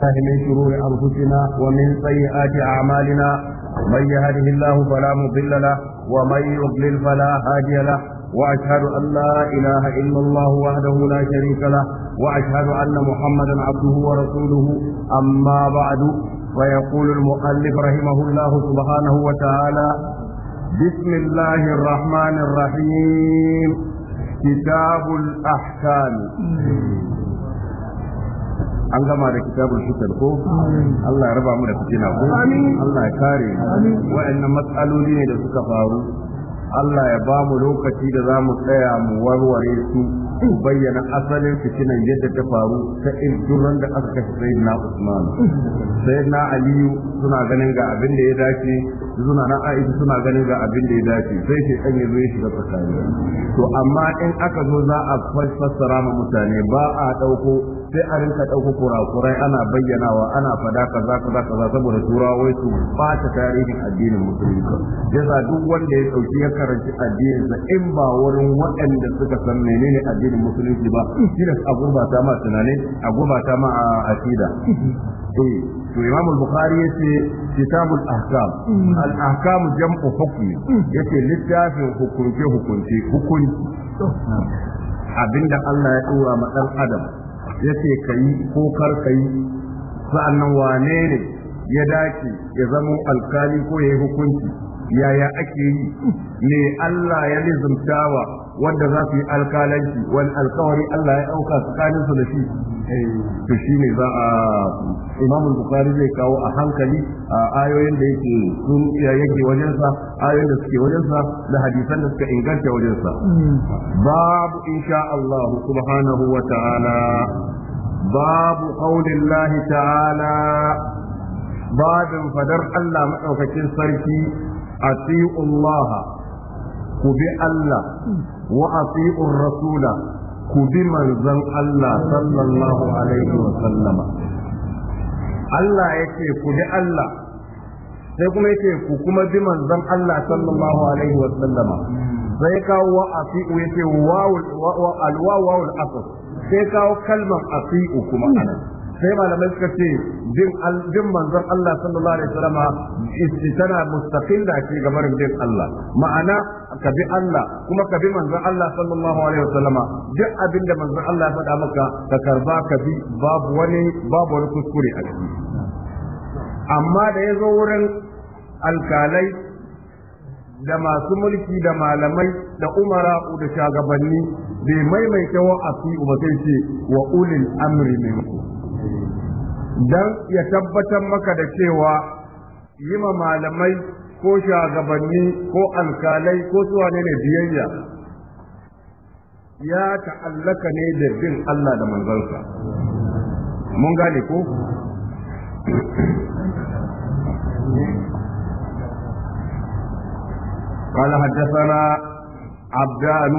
الله من شرور أنفسنا ومن سيئات أعمالنا من يهده الله فلا مضل له ومن يضلل فلا هادي له وأشهد أن لا إله إلا الله وحده لا شريك له وأشهد أن محمدا عبده ورسوله أما بعد فيقول المؤلف رحمه الله سبحانه وتعالى بسم الله الرحمن الرحيم كتاب الأحكام an gama da kitabul fitar ko Allah ya raba mu da fitina ko Allah ya kare mu wa'annan matsaloli ne da suka faru Allah ya ba mu lokaci da za mu tsaya mu warware su bayyana asalin fitinan yadda ta faru ta irduran da aka kashe sayyidina Usman sayyidina Aliyu suna ganin ga abin da ya dace suna na Aisha suna ganin ga abin da ya dace sai ke kan yazo ya shiga tsakani to amma in aka zo za a fassara ma mutane ba a dauko sai a rinka ɗauko kurakurai ana bayyanawa ana fada kaza kaza kaza saboda turawa su ba ta tarihin addinin musulunci yasa duk wanda ya ɗauki ya karanci addinin sa in ba wurin waɗanda suka san menene addinin musulunci ba tilas a gurbata ma tunani a gurbata ma a asida. to imam al-bukhari yace kitabul ahkam al-ahkam jam'u hukmi yace littafin hukunce hukunce hukunci abinda Allah ya dora ma dan adam Ya ka kai ko kar kai sa'annan wane ne ya dace ya zama alkali ko ya yi hukunci yaya ake yi me Allah ya lizumtawa wanda za su yi alkalanci wani alkawari Allah ya ɗauka tsakanin su da shi eh, to shi ne za a imam bukari zai kawo a hankali a ayoyin da yake sun yake wajensa ayoyin da suke wajensa da hadisan da suka inganta wajensa mm-hmm. babu insha Allah subhanahu wa ta'ala babu qaulillahi ta'ala babin fadar Allah madaukakin sarki ati'u Allah ku bi Allah wa ati'ur rasula ku bi manzon Allah sallallahu alaihi wa sallama Allah yake ku bi Allah sai kuma yake ku kuma bi manzon Allah sallallahu alaihi wa sallama sai kawo wa ati'u yake wa alwawu al-asr sai kawo kalmar ati'u kuma anan sai malamai suka ce bin manzon Allah sallallahu alaihi wasallam istitana mustaqilla ce game da Allah ma'ana ka bi Allah kuma ka bi manzon Allah sallallahu alaihi wasallam duk abin da manzon Allah ya faɗa maka ka karba ka bi babu wani babu wani kuskure a ciki amma da ya zo wurin alkalai da masu mulki da malamai da umara da shagabanni bai maimaita wa asu ba sai ce wa ulil amri minku don ya tabbatar maka da cewa yi ma malamai ko shagabanni ko alkalai ko wane ne biyayya ya ta'allaka ne da bin Allah da manzansa mun gane ko قال حدثنا عبدان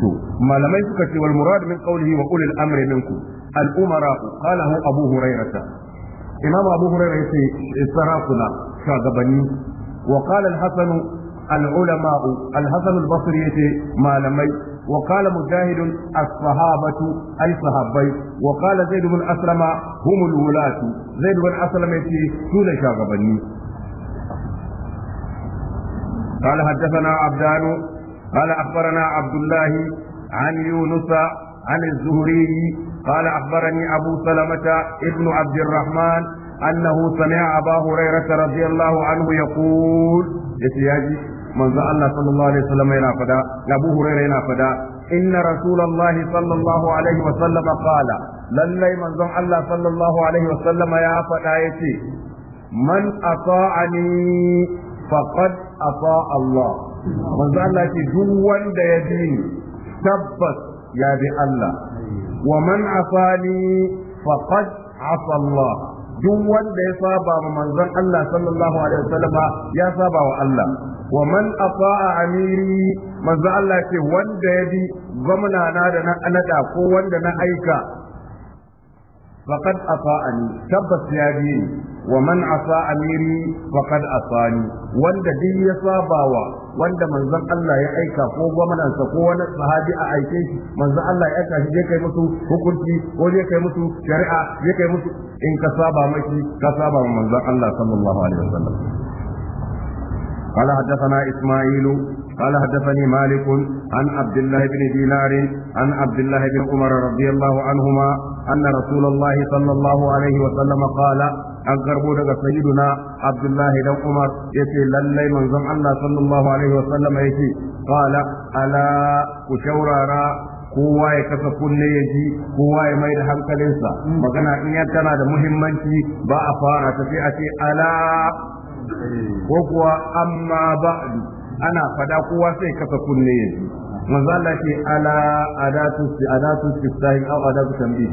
to malamai suka ce wal murad min qawlihi wa ulil amri minkum al umara qalahu abu hurairah imam abu hurairah yace sarakuna shagabanni wa qala al hasan al ulama al hasan al basri yace malamai وقال مجاهد الصحابة أي صحابي وقال زيد بن أسلم هم الولاة زيد بن أسلم يتي سولة شاغبني قال حدثنا عبدان قال أخبرنا عبد الله عن يونس عن الزهري قال أخبرني أبو سلمة ابن عبد الرحمن أنه سمع أبا هريرة رضي الله عنه يقول يتياجي من الله صلى الله عليه وسلم ينافدا أبو هريرة ينافدا إن رسول الله صلى الله عليه وسلم قال للي من الله صلى الله عليه وسلم يا فتايتي من أطاعني فقد أطاع الله manzo Allah ce duk wanda ya bi ni tabbas ya bi Allah wa man afani faqad afa Allah duk wanda ya saba ma manzon Allah sallallahu alaihi wasallama ya saba wa Allah wa man afa'a amiri manzo Allah ce wanda ya bi gwamna na da na anada ko wanda na aika faqad afa'ani tabbas ya bi wa man asa amiri faqad asani wanda duk ya saba wa wanda manzon Allah ya aika ko gwamnansa ko wani sahabi a aike shi manzon Allah ya aika shi kai musu hukunci ko kai musu shari'a je kai musu in ka saba maki ka saba wa manzon Allah sallallahu alaihi wasallam قال حدثنا إسماعيل قال حدثني مالك عن عبد الله بن دينار عن عبد الله بن عمر رضي الله عنهما أن رسول الله صلى الله عليه وسلم قال an karbo daga sayyiduna abdullahi dan umar yace lallai manzon Allah sallallahu alaihi wa sallam yace qala ala ku shaurara kowa ya kasa kunne ya ji kowa ya mai da hankalinsa magana in ya tana da muhimmanci ba a fara ta sai a ce ala ko kuwa amma ba ana fada kowa sai kasa kunne ya ji manzo Allah ce ala adatu adatu istihi aw adatu tanbih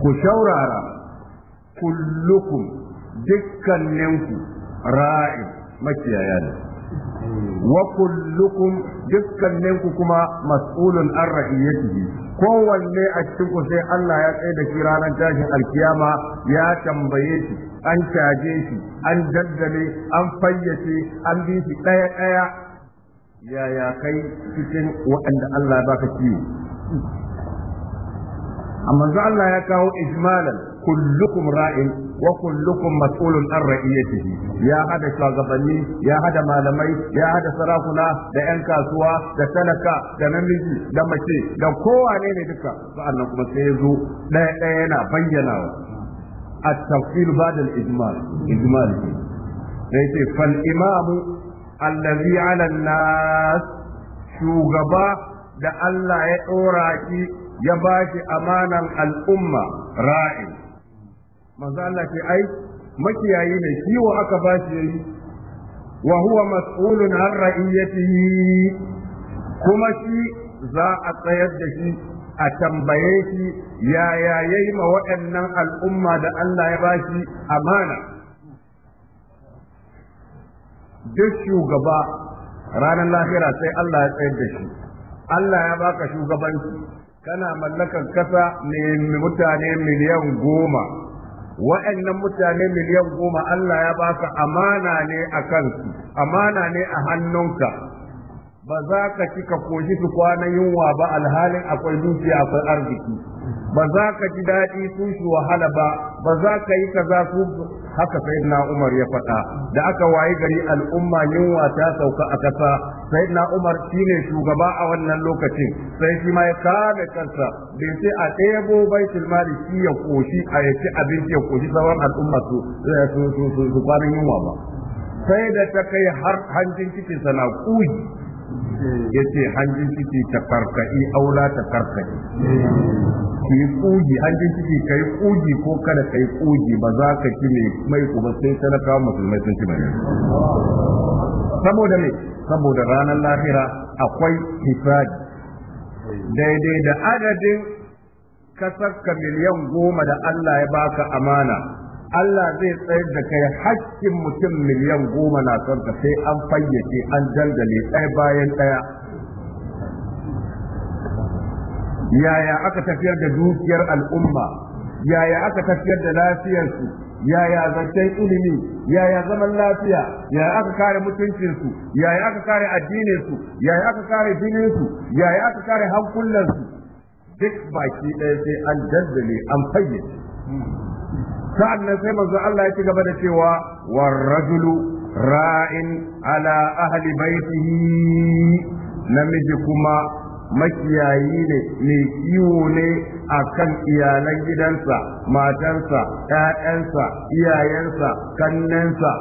ku shaurara kullukum dukkaninku ra'i makiyaya ne wa kullukum dukkaninku kuma mas'ulun an ra'iyatihi kowanne a cikin ku sai Allah ya tsaye da shi ranar tashin alkiyama ya tambaye shi an caje shi an daddale an fayyace an bi shi ɗaya ɗaya yaya kai cikin waɗanda Allah ya baka ciwo amma Allah ya kawo ijmalan kullukum ra'in wa kullukum mas'ulun an ra'iyatihi ya hada shugabanni ya hada malamai ya hada sarakuna da yan kasuwa da talaka da namiji da mace da kowane ne duka sa'annan kuma sai zo ɗaya ɗaya yana bayyanawa at-tafsil ba'da al-ijmal ijmal sai ce fal imamu allazi 'ala an shugaba da Allah ya ɗora shi ya bashi shi amanan al'umma ra'in manzo Allah ce ai makiyayi ne kiwo aka ba shi yayi wa huwa mas'ulun an ra'iyatihi kuma shi za a tsayar da shi a tambaye shi yaya yayi ma waɗannan al'umma da Allah ya ba shi amana duk shugaba ranar lahira sai Allah ya tsayar da shi Allah ya baka shugabanci kana mallakar kasa ne mutane miliyan goma wa'annan mutane miliyan goma Allah ya ba ka amana ne a kansu amana ne a hannunka ba za ka ka koji su kwanan yunwa ba alhalin akwai dukiya akwai arziki ba za ka ji daɗi su shi wahala ba ba za ka yi kaza su haka na Umar ya faɗa da aka wayi gari al'umma yunwa ta sauka a kasa na Umar shine shugaba a wannan lokacin sai shi ma ya kame kansa bai sai a ɗebo baitul mali shi ya koshi a ya ci abinci ya koshi sauran al'umma eh, su su su kwanan yunwa ba sai da ta kai har hanjin cikin na kuyi yace hanjin ciki ta karkai aula ta karkai ki kugi hanjin ciki kai kugi ko kada kai kugi ba za ka ci mai mai ku ta sai kawo musulmai sun ci bane saboda me saboda ranar lahira akwai hisabi daidai da adadin kasarka miliyan goma da Allah ya baka amana Allah zai tsayar da kai hakkin mutum miliyan goma na son ka sai an fayyace an jangale ɗaya bayan ɗaya yaya aka tafiyar da dukiyar al'umma yaya aka tafiyar da lafiyarsu yaya zancen ilimi yaya zaman lafiya yaya aka kare mutuncinsu yaya aka kare addininsu yaya aka kare jininsu yaya aka kare hankulansu duk baki ɗaya sai an dandale an fayyace sa'annan sai manzo Allah ya ci gaba da cewa war rajulu ra'in ala ahli baitihi namiji kuma makiyayi ne mai kiwo ne a kan iyalan gidansa matansa ‘ya'yansa iyayensa kannensa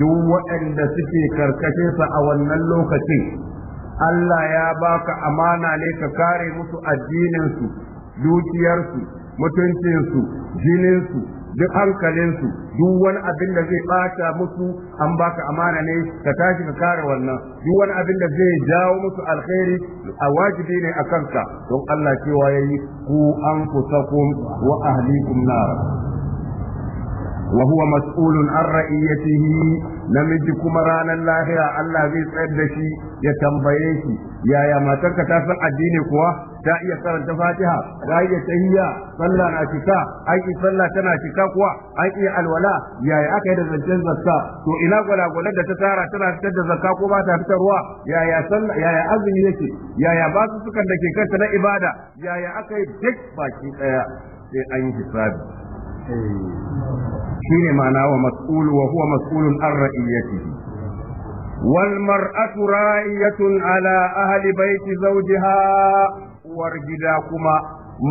duk waɗanda suke sa a wannan lokacin Allah ya baka amana ne ka kare musu addininsu dukiyarsu mutuncinsu jininsu duk hankalinsu duk wani abin da zai bata musu an baka amana ne ka tashi ka kare wannan duk wani abin da zai jawo musu alkhairi a wajibi ne a kanka don Allah cewa yayi ku anfusakum wa ahlikum nar huwa mas'ulun an ra'iyatihi namiji kuma ranar lahira Allah zai tsayar da shi ya tambaye shi yaya matarka ta san addini kuwa ta iya karanta fatiha ta iya tahiyya sallah na shika an yi sallah tana shika kuwa an iya alwala yaya aka yi da zancen zakka to ina gwalagwalar da ta tara tana fitar da zakka ko ba ta fitarwa yaya sallah yaya azumi yake yaya basu sukan da ke kanta na ibada yaya aka yi duk baki daya sai an yi hisabi shine ma'ana wa mas'ul wa huwa mas'ulun an ra'iyatihi wal mar'atu على ala بيت زوجها uwar gida kuma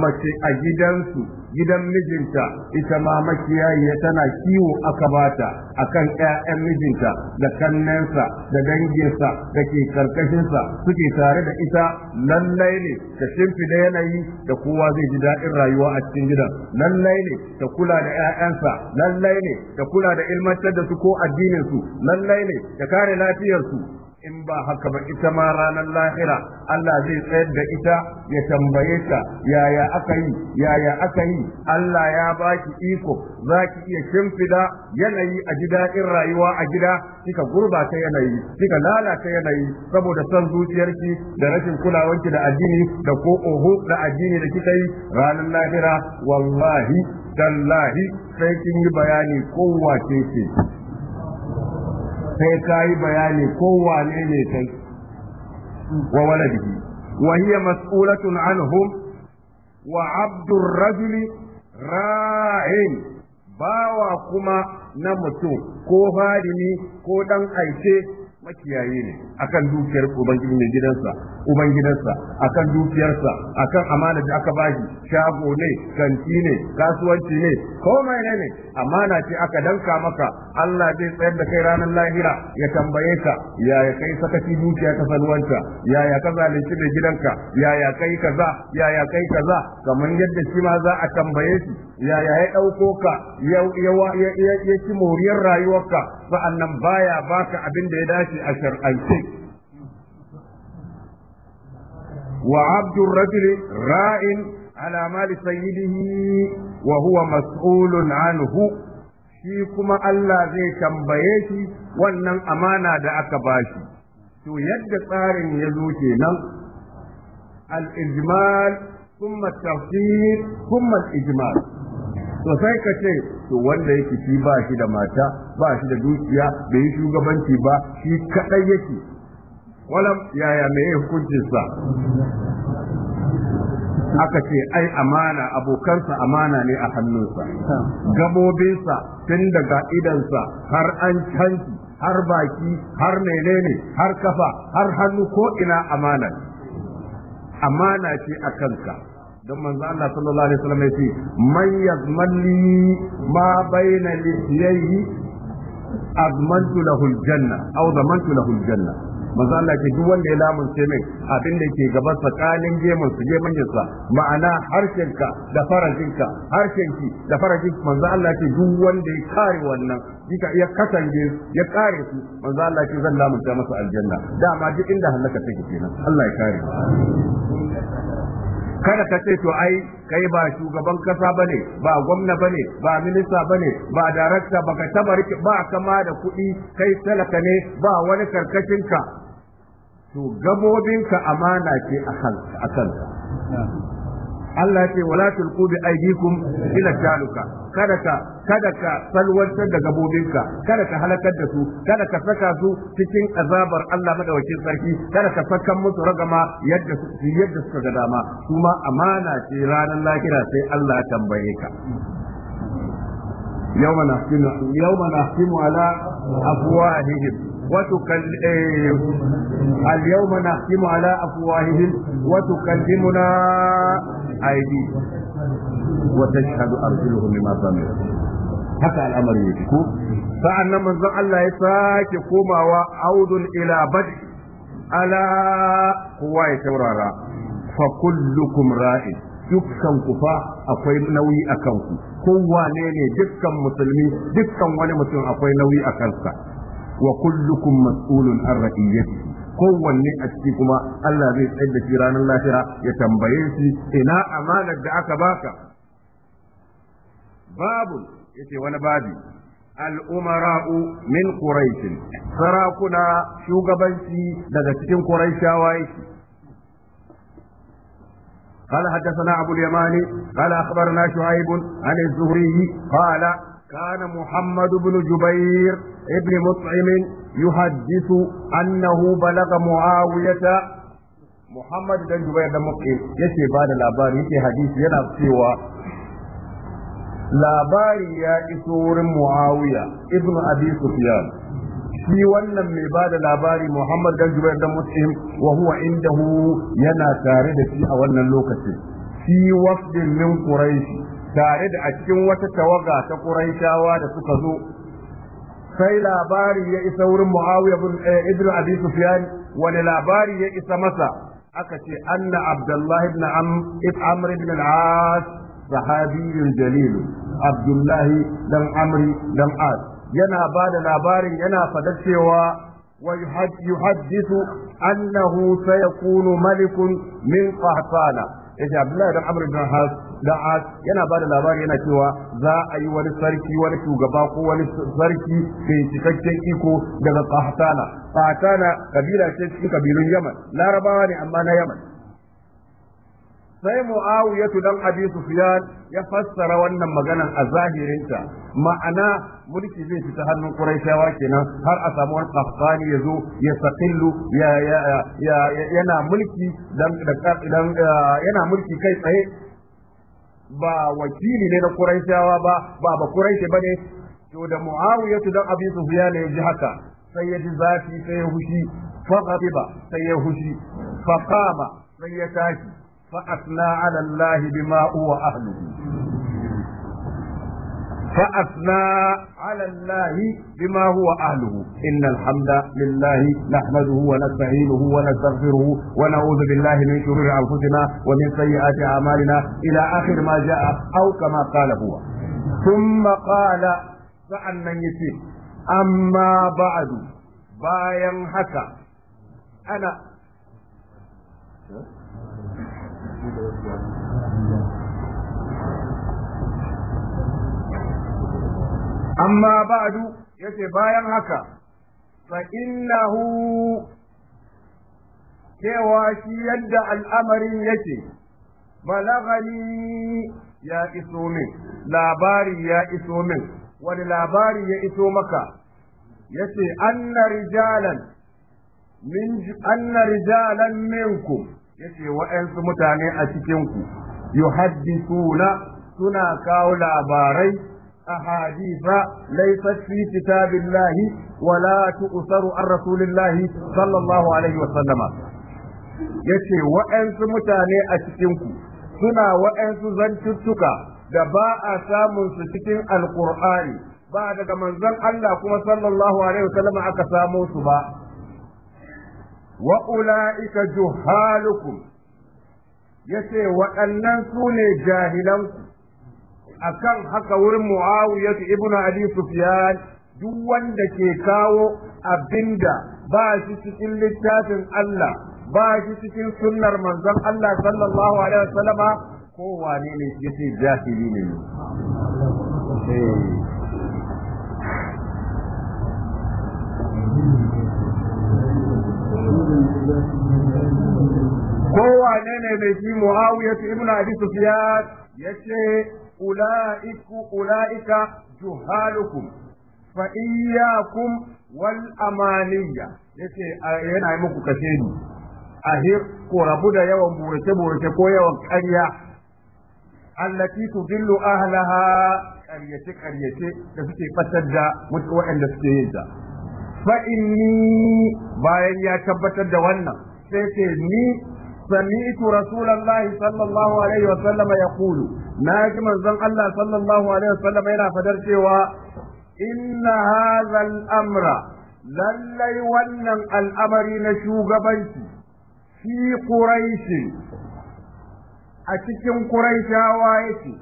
mace a gidansu gidan mijinta ita ma makiyayiya tana kiwo aka bata kan ƴaƴan mijinta da kannensa da danginsa da ke karkashinsa suke tare da ita lallai ne ta shimfida yanayi da kowa zai ji daɗin rayuwa a cikin gidan lallai ne ta kula da ƴaƴansa lallai ne ta kula da ilmantar da su ko addininsu, su lallai ne ta kare lafiyarsu in ba haka ba ita ma ranar lahira Allah zai tsayar da ita ya tambaye ta yaya aka yi yaya aka yi Allah ya baki iko za ki iya shimfida yanayi a ji daɗin rayuwa a gida kika gurbata yanayi kika lalata yanayi saboda son zuciyarki da rashin kulawanki da addini da ko oho da addini da kika yi ranar lahira wallahi tallahi sai kin yi bayani kowace ce sai ka bayani ko wane ne kai wa waladihi wa hiya mas'ulatun anhum wa abdur rajul ra'in bawa kuma na mutum ko hadimi ko dan aice makiyayi ne akan dukiyar ubangiji gidansa ubangidansa akan dukiyarsa akan amana da aka bashi shago ne kanti ne kasuwanci ne komai ne ne amana ce aka danka maka Allah zai tsayar da kai ranar lahira ya tambaye ka yaya kai sakaci dukiya ta salwanta yaya ka zalunci da gidanka yaya kai kaza yaya kai kaza kamar yadda shi ma za a tambaye shi yaya ya dauko ka ya ya ya ci moriyar rayuwarka sa'annan baya baka abin da ya dace a shar'ance wa abdur rajul ra'in ala sayyidihi wa huwa mas'ulun anhu shi kuma Allah zai tambaye shi wannan amana da aka bashi to yadda tsarin ya zo kenan al-ijmal ثم التفصيل ثم الإجمال to sai ka ce to wanda yake shi ba shi da mata ba shi da dukiya bai yi shugabanci ba shi kadai yake walam yaya me hukuncin sa aka ce ai amana abokansa amana ne a hannunsa gabobinsa tun daga idansa har an canci har baki har menene har kafa har hannu ko ina amana amana ce a kanka don manzo Allah sallallahu alaihi wasallam yace man yazmalli ma baina lisiyyi azmantu lahu aljanna aw zamantu lahu aljanna manzo Allah ke duk wanda ya lamunce mai, abin da yake gaban tsakanin gemun su gemun yasa ma'ana harshenka da farajinka harshenki da farajin manzo Allah ke duk wanda ya kare wannan dika ya katange ya kare su manzo Allah ke zan lamunta masa aljanna dama duk inda halaka take kenan Allah ya kare kada ka ce to ai kai ba shugaban kasa bane ba gwamna bane ba minista bane ba darakta ba ka taba ba kama da kuɗi kai talaka ne ba wani karkashin ka to gabobinka amana ke a kanka Allah ce wala tulqu bi aydikum ila taluka kada ka kada ka salwantar da gabobinka kada ka halakar da su kada ka saka su cikin azabar Allah madawacin sarki kada ka sakan musu ragama yadda su yadda suka ga dama kuma amana ce ranar lahira sai Allah ya tambaye ka yawma nahkimu yawma nahkimu ala أفواههم وتكل اليوم نختم على أفواههم وتكلمنا أيديهم وتشهد أرجلهم بما صنعوا haka al'amari yake ko sa'an nan manzon Allah ya sake komawa audun ila bad ala kowa ya taurara fa kullukum dukkan ku fa akwai nauyi a kanku kowane ne dukkan musulmi dukkan wani mutum akwai nauyi a kansa wa kullukum mas'ulun an ra'iyyati kowanne a ciki kuma Allah zai tsayar da shi ranar lahira ya tambaye shi ina amanar da aka baka babu yace wani babi al'umara'u min quraish sarakuna shugabanci daga cikin quraishawa yake قال حدثنا أبو اليمان قال أخبرنا شعيب عن الزهري قال كان محمد بن جبير ابن مطعم يحدث أنه بلغ معاوية محمد بن جبير بن مطعم يشي بعد الأبار يشي حديث يلعب سوى لاباري يا iso wurin ابن ibn سفيان shi wannan mai ba da labari Muhammad dan Jubair dan Muslim wa huwa indahu yana tare da shi a wannan lokacin fi wafdin min Quraysh tare da a cikin wata tawaga ta Qurayshawa da suka zo sai labari ya isa wurin Muawiya eh, ibn Abi Sufyan wani labari ya isa masa aka ce anna Abdullah ibn Amr ibn al-As sahabi jalil Abdullah dan Amri dan As yana ba da labarin yana fadar cewa ويحدث annahu سيكون ملك من قحطان yace Abdullahi dan Amr bin Has da As yana bada labari yana cewa za a yi wani sarki wani shugaba ko wani sarki mai cikakken iko daga Qahtana Qahtana kabila ce cikin kabilun Yaman Larabawa ne amma na Yaman sai mu'awiyatu dan abi sufyan ya fassara wannan maganan a zahirinta ma'ana mulki zai fita hannun quraishawa kenan har a samu wani ya zo ya saqillu ya ya yana mulki dan dan yana mulki kai tsaye ba wakili ne na quraishawa ba ba ba quraishi bane to da mu'awiyatu dan abi sufyan ya ji haka sai ya ji zafi sai ya hushi fa sai ya hushi fa sai ya tashi فأثنى على الله بما هو أهله فأثنى على الله بما هو أهله إن الحمد لله نحمده ونستعينه ونستغفره ونعوذ بالله من شرور أنفسنا ومن سيئات أعمالنا إلى آخر ما جاء أو كما قال هو ثم قال من يسير أما بعد باين حكى أنا amma ba'du yace bayan haka fa innahu cewa shi yadda al'amarin yake balagani ya iso min labari ya iso min wani labari ya iso maka yace anna rijalan min anna rijalan minkum yace wa'ansu mutane a cikin ku yuhaddithuna suna kawo labarai أحاديث ليست في كتاب الله ولا تؤثر عن رسول الله صلى الله عليه وسلم yace wa'ansu mutane a cikinku suna wa'ansu zantuttuka da ba a samun su cikin alkur'ani ba daga manzon Allah kuma sallallahu alaihi wasallam aka samo su ba wa ula'ika juhalukum yace waɗannan su ne jahilanku akan haka wurin Muawiya ibn Ali Sufyan duk wanda ke kawo abinda ba shi cikin littafin Allah ba shi cikin sunnar manzon Allah sallallahu alaihi wasallama ko wane ne yace jahili ne eh. kowane ne mai shi muawiya ibn abi sufyan yace أولئك أولئك جهالكم فإياكم والأمانية yace yana yi muku kashe ni ahir ko rabu da yawan burace burace ko yawan ƙarya allati tudillu ahlaha ƙaryace ƙaryace da suke fatar da waɗanda suke yin ta bayan ya tabbatar da wannan sai ce ni sami'tu rasulullahi sallallahu alaihi wa sallama na ji manzon Allah sallallahu alaihi wasallam yana fadar cewa inna hadhal amra lallai wannan al'amari na shugabanci fi quraishi a cikin quraishawa yake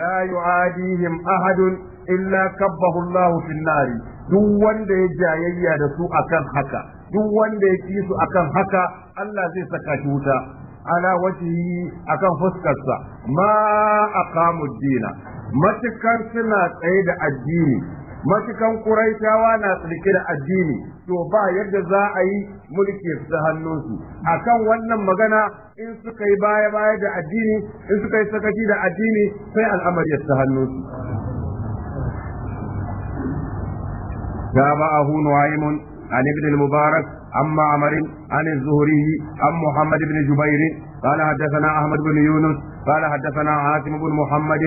la yu'adihim ahadun illa kabbahu Allahu fin nari duk wanda ya jayayya da su akan haka duk wanda ya ki su akan haka Allah zai saka shi wuta ala wajihi akan fuskarsa ma aqamu dina matukan suna tsaye da addini matukan kuraitawa na tsirke da addini to ba yadda za a yi mulki su hannunsu akan wannan magana in suka yi baya baya da addini in suka yi sakaci da addini sai al'amari ya su hannunsu جاء معه نعيم عن ابن المبارك عن معمر عن الزهري عن محمد بن جبير قال حدثنا أحمد بن يونس قال حدثنا عاصم بن محمد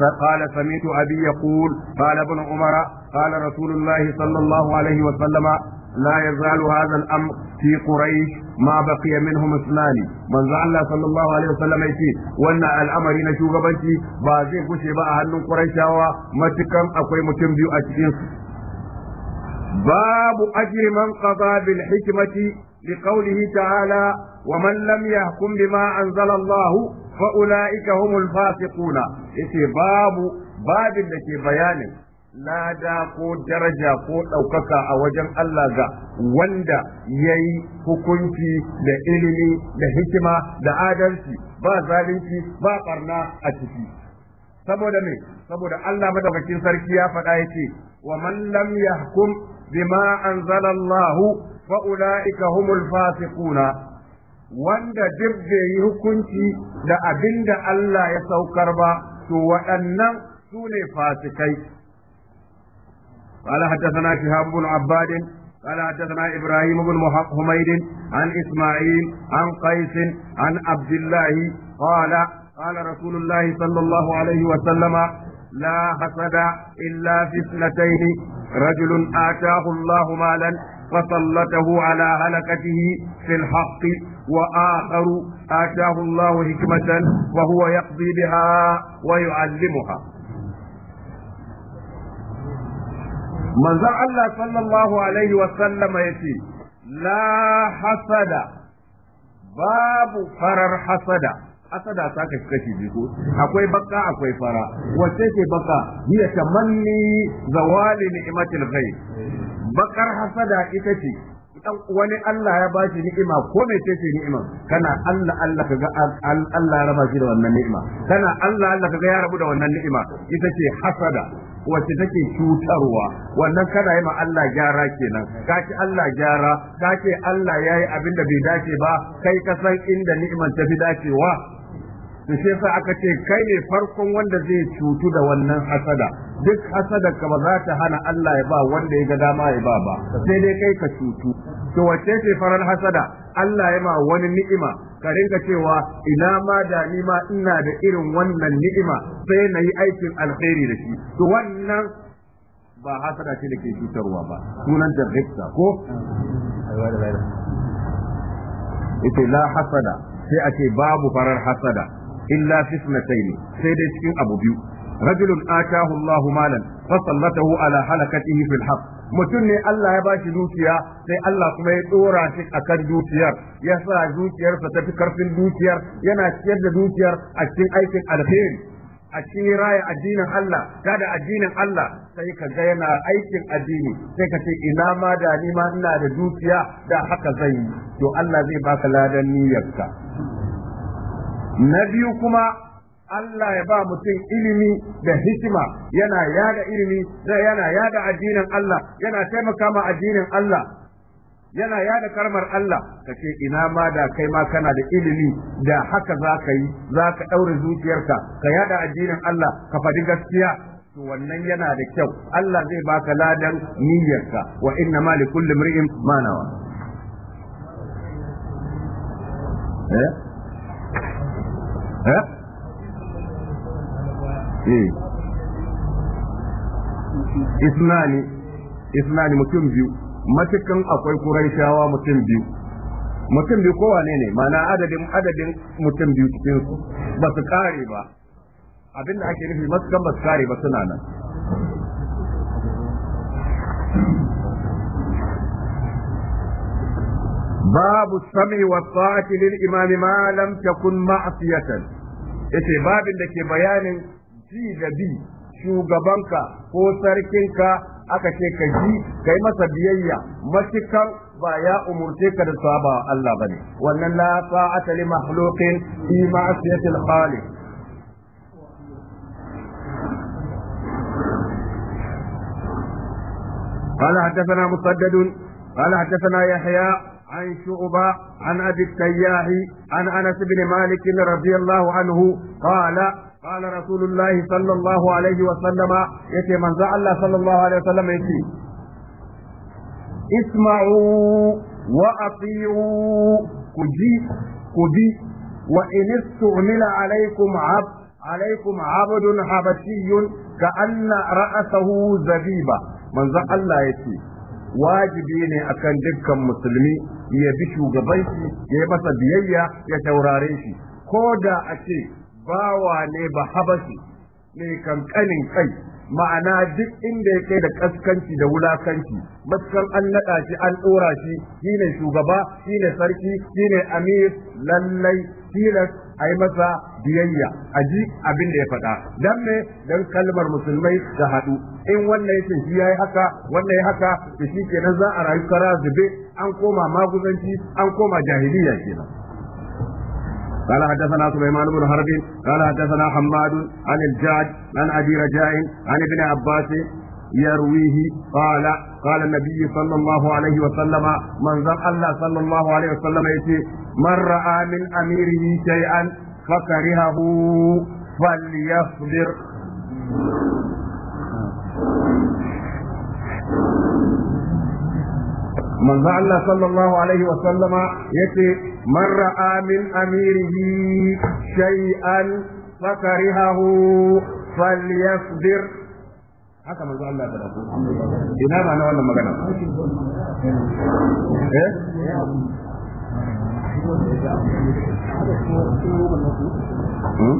فقال سمعت أبي يقول قال ابن عمر قال رسول الله صلى الله عليه وسلم لا يزال هذا الامر في قريش ما بقي منهم اثنان من الله صلى الله عليه وسلم يتي وان الامر na shugabanci ba zai gushe ba a hannun quraishawa matukan akwai mutum biyu a cikin باب أجر من قضى بالحكمة لقوله تعالى ومن لم يحكم بما أنزل الله فأولئك هم الفاسقون إيه باب باب التي بيان لا دا ko daraja ko ɗaukaka a wajen Allah ga wanda ya yi hukunci da ilimi da hikima da adalci ba zalunci ba ɓarna a ciki saboda me saboda Allah madaukakin sarki ya faɗa ya ce wa man بما أنزل الله فأولئك هم الفاسقون wanda duk bai yi hukunci da abinda Allah ya saukar ba to waɗannan sune ne fasikai. Ƙala haddasa na Shihabun Abbadin, ƙala haddasa Ibrahim ibn Humaidin, an Ismail, an Qaisin, an Abdullahi, ƙala, ƙala Rasulullahi sallallahu Alaihi wasallama, la hasada illa fitnataini رجل آتاه الله مالا فسلطه على هلكته في الحق وآخر آتاه الله حكمة وهو يقضي بها ويعلمها manzon Allah sallallahu alaihi wa sallama yace la hasada babu farar hasada asada ta kashi kashi biyu akwai baka akwai fara wacce ce baka hiya tamanni zawali ni'matil ghaib bakar hasada ita ce dan wani Allah ya ba shi ni'ima ko me ce ni'ima kana Allah Allah kaga Allah ya raba shi da wannan ni'ima kana Allah Allah kaga ya rabu da wannan ni'ima ita ce hasada wacce take cutarwa wannan kana yi ma Allah gyara kenan ka ci Allah gyara ka ce Allah yayi abin da bai dace ba kai ka san inda ni'imar ta fi dacewa Sai shi yasa aka ce kai ne farkon wanda zai cutu da wannan hasada duk hasada ka ba za ta hana Allah ya ba wanda ya ga dama ya ba ba sai dai kai ka cutu to wace ce farar hasada Allah ya ma wani ni'ima ka rinka cewa ina ma da ni ma ina da irin wannan ni'ima sai na yi aikin alkhairi da shi to wannan ba hasada ce da ke cutarwa ba sunan da ko ita la hasada sai a ce babu farar hasada illa fi ne sai dai cikin abu biyu rajulun atahu Allahu malan fasallatahu ala halakatihi fil haqq mutum ne Allah ya bashi dukiya sai Allah kuma ya dora shi akan dukiyar ya sa dukiyarsa ta fi karfin dukiyar yana ciyar da dukiyar a cikin aikin alheri a cikin raya addinin Allah da addinin Allah sai ka ga yana aikin addini sai ka ce ina ma da ni ma ina da dukiya da haka zai yi to Allah zai baka ladan niyyarka na biyu kuma Allah ya ba mutum ilimi da hikima yana yada ilimi da yana yada addinin Allah yana taimaka ma addinin Allah yana yada karmar Allah ka ina ma da kai ma kana da ilimi da haka za ka yi za ka ɗaure zuciyarka ka yada addinin Allah ka faɗi gaskiya to wannan yana da kyau Allah zai baka ladan niyyarka wa inna ma likulli imri'in ma nawa eh Eh? eh isnani isnani mutum biyu matukan akwai kuraishawa mutum biyu mutum biyu kowane ne mana adadin adadin mutum biyu cikin su ba su kare ba abinda ake nufi matukan ba su kare ba suna nan babu sami wa ta'ati lil imami ma lam takun ma'siyatan yace babin da ke bayanin ji da bi shugabanka ko sarkinka aka ce ka ji kai masa biyayya matukan ba ya umurce ka da saba Allah bane wannan la ta'ata li makhluqin fi ma'siyatil khaliq قال حدثنا مسدد قال حدثنا يحيى عن شعبة عن أبي التياح عن أنس بن مالك رضي الله عنه قال قال رسول الله صلى الله عليه وسلم يتي من الله صلى الله عليه وسلم يتي اسمعوا وأطيعوا كجي كبي وإن استعمل عليكم عبد عليكم عبد حبشي كأن رأسه زبيبة من الله يتي wajibi ne akan dukkan musulmi ya bi shugaban shi ya yi masa biyayya ya taurare shi ko da a ce bawa ne ba habashi ne kankanin kai ma'ana duk inda ya kai da kaskanci da wulakanci matukar an naɗa shi an ɗora shi shine shugaba shine sarki shine amir lallai tilas Ai masa biyayya aji ji abin da ya faɗa dan me dan kalmar musulmai da haɗu in wannan ya shi yayi haka wannan ya haka to shi kenan za a rayu kara zube an koma maguzanci an koma jahiliya kenan قال حدثنا سليمان بن حرب قال حدثنا حماد عن الجاج عن ابي رجاء عن ابن عباس يرويه قال قال النبي صلى الله عليه وسلم من ذا الله صلى الله عليه وسلم يتي من رأى من أميره شيئا فكرهه فليصبر manzo Allah sallallahu alaihi wa sallama yace man ra'a min amirihi shay'an fakarihahu falyasbir haka manzo Allah ta rabu ina ba na wannan magana eh hmm?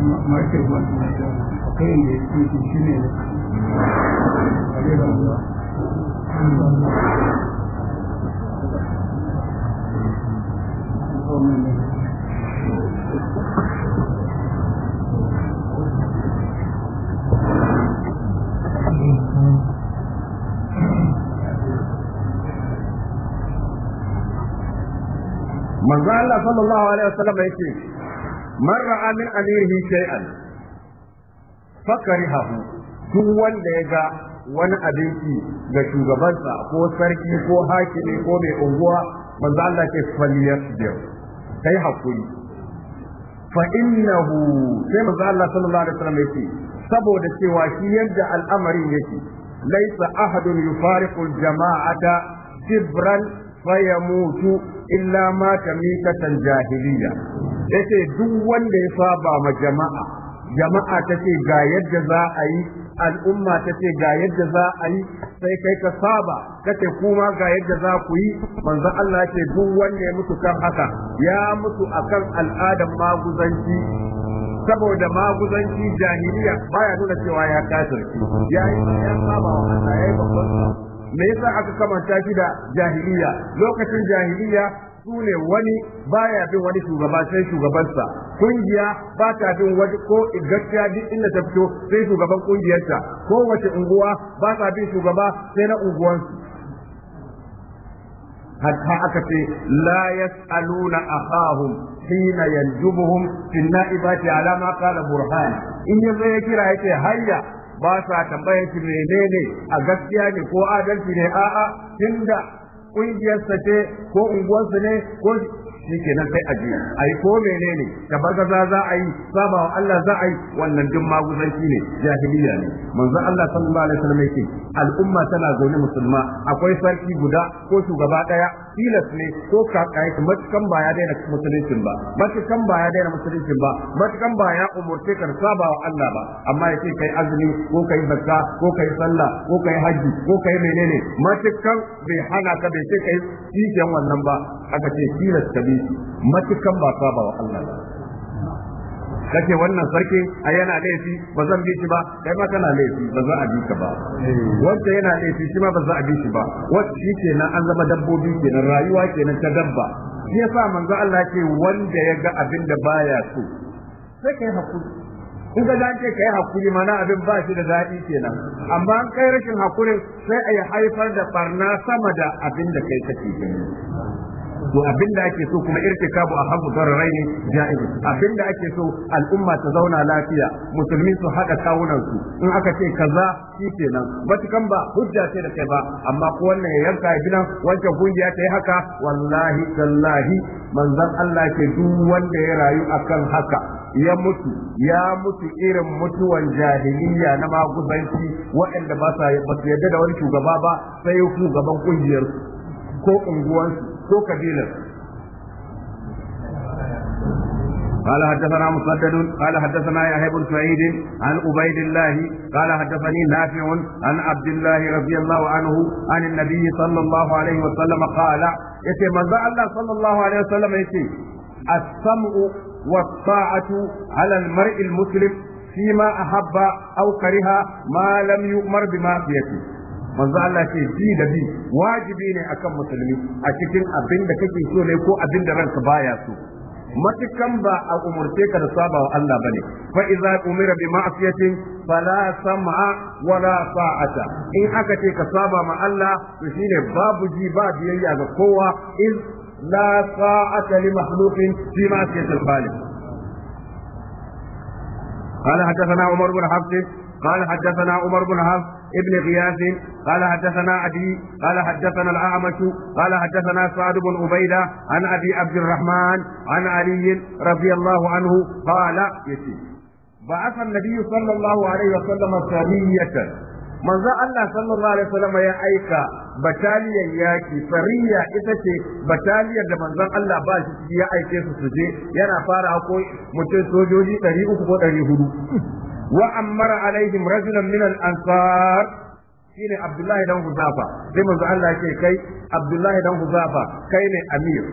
Thank you. manzo Allah sallallahu alaihi wasallam yake man ra'a min amirihi shay'an fakarihahu duk wanda ya ga wani abinci ga shugabansa ko sarki ko hakimi ko mai unguwa manzo Allah ke faliyar da kai hakuri fa innahu sai manzo Allah sallallahu alaihi wasallam yake saboda cewa shi yadda al'amarin yake laisa ahadun yufariqu al-jama'ata jibran mutu illa mata mitatan jahiliya yace duk wanda ya saba ma jama'a jama'a ta ce ga yadda za a yi al'umma ta ce ga yadda za a yi sai kai ka saba kace kuma ga yadda za ku yi manzo Allah ce duk wanda ya mutu kan haka ya mutu akan al'adar maguzanci saboda maguzanci jahiliya baya nuna cewa ya kafirci ya yi ya saba wa Allah ya yi babban me yasa aka kamanta shi da jahiliya lokacin jahiliya sune wani baya bin wani shugaba sai shugabansa kungiya ba ta bin wani ko gaskiya duk inda ta fito sai shugaban kungiyarta kowace unguwa ba ta bin shugaba sai na unguwansu hatta aka ce la yas'aluna akhahum hina yanjubuhum fi na'ibati ala ma qala burhan in yazo ya kira yake hayya ba sa tambayar shi menene a gaskiya ne ko adalci ne a'a tunda kungiyarsa ce ko unguwarsa ne ko shike nan sai aje ai ko menene gaza za a yi sabawa Allah za a yi wannan duk maguzanci ne jahiliya ne manzo Allah sallallahu alaihi wasallam yake al'umma tana zaune musulma akwai sarki guda ko shugaba daya tilas ne ko kakai matukan ba ya daina musuluncin ba matukan ba ya daina musuluncin ba matukan ba ya umurce ka sabawa Allah ba amma yake kai azumi ko kai zakka ko kai sallah ko kai haji ko kai menene matukan bai hana ka bai ce kai cikin wannan ba aka ce tilas ka bi matukan ba saba wa Allah kace wannan sarki a yana laifi ba zan bi shi ba kai ma kana laifi ba za a bi ka ba wanda yana laifi shi ma ba za a bi shi ba wanda shi kenan an zama dabbobi kenan rayuwa kenan ta dabba shi yasa manzo Allah yake wanda ya ga abin da baya so sai kai hakuri in ga dan ka yi hakuri mana abin ba shi da daɗi kenan amma an kai rashin hakuri sai a haifar da barna sama da abin da kai kake gani to abinda ake so kuma irtikabu a hafu rai ne ja'iz abinda ake so al'umma ta zauna lafiya musulmi su haɗa kawunan su in aka ce kaza shi kenan matukan ba hujja ce da kai ba amma ko wannan ya yanka gidan wancan kungiya ta yi haka wallahi tallahi manzon Allah ke duk wanda ya rayu akan haka ya mutu ya mutu irin mutuwan jahiliya na maguzanci waɗanda ba su yarda da wani shugaba ba sai shugaban kungiyar ko unguwansu ko kabilar قال حدثنا مسدد قال حدثنا يحيى بن سعيد عن عبيد الله قال حدثني نافع عن عبد الله رضي الله عنه عن النبي صلى الله عليه وسلم قال يتي من الله صلى الله عليه وسلم يتي السمع والطاعة على المرء المسلم فيما أحب أو كره ما لم يؤمر بمعصيته manzo Allah ce ji da bi wajibi ne akan musulmi a cikin abin da kake so ne ko abin da ranka baya so matukan ba a umurce ka da sabawa Allah bane fa idza umira bi ma'siyatin fala sam'a wala sa'ata in aka ce ka saba ma Allah to shine babu ji ba biyayya ga kowa in la sa'ata li mahluqin fi ma'siyatil khaliq قال حدثنا عمر بن حفص قال حدثنا عمر بن حفص ابن غياث قال حدثنا عدي قال حدثنا الأعمش قال حدثنا سعد بن عبيدة عن أبي عبد الرحمن عن علي رضي الله عنه قال يتي بعث النبي صلى الله عليه وسلم سرية من ذا الله صلى الله عليه وسلم يا أيكا bataliyar yaki sariya ita ce bataliyar da manzon Allah ba shi ya aike su suje yana fara ko mutum sojoji 300 ko 400 wa ammara alaihim rajulan min al-ansar shine abdullahi dan huzafa sai manzo Allah yake kai abdullahi dan huzafa kai ne amir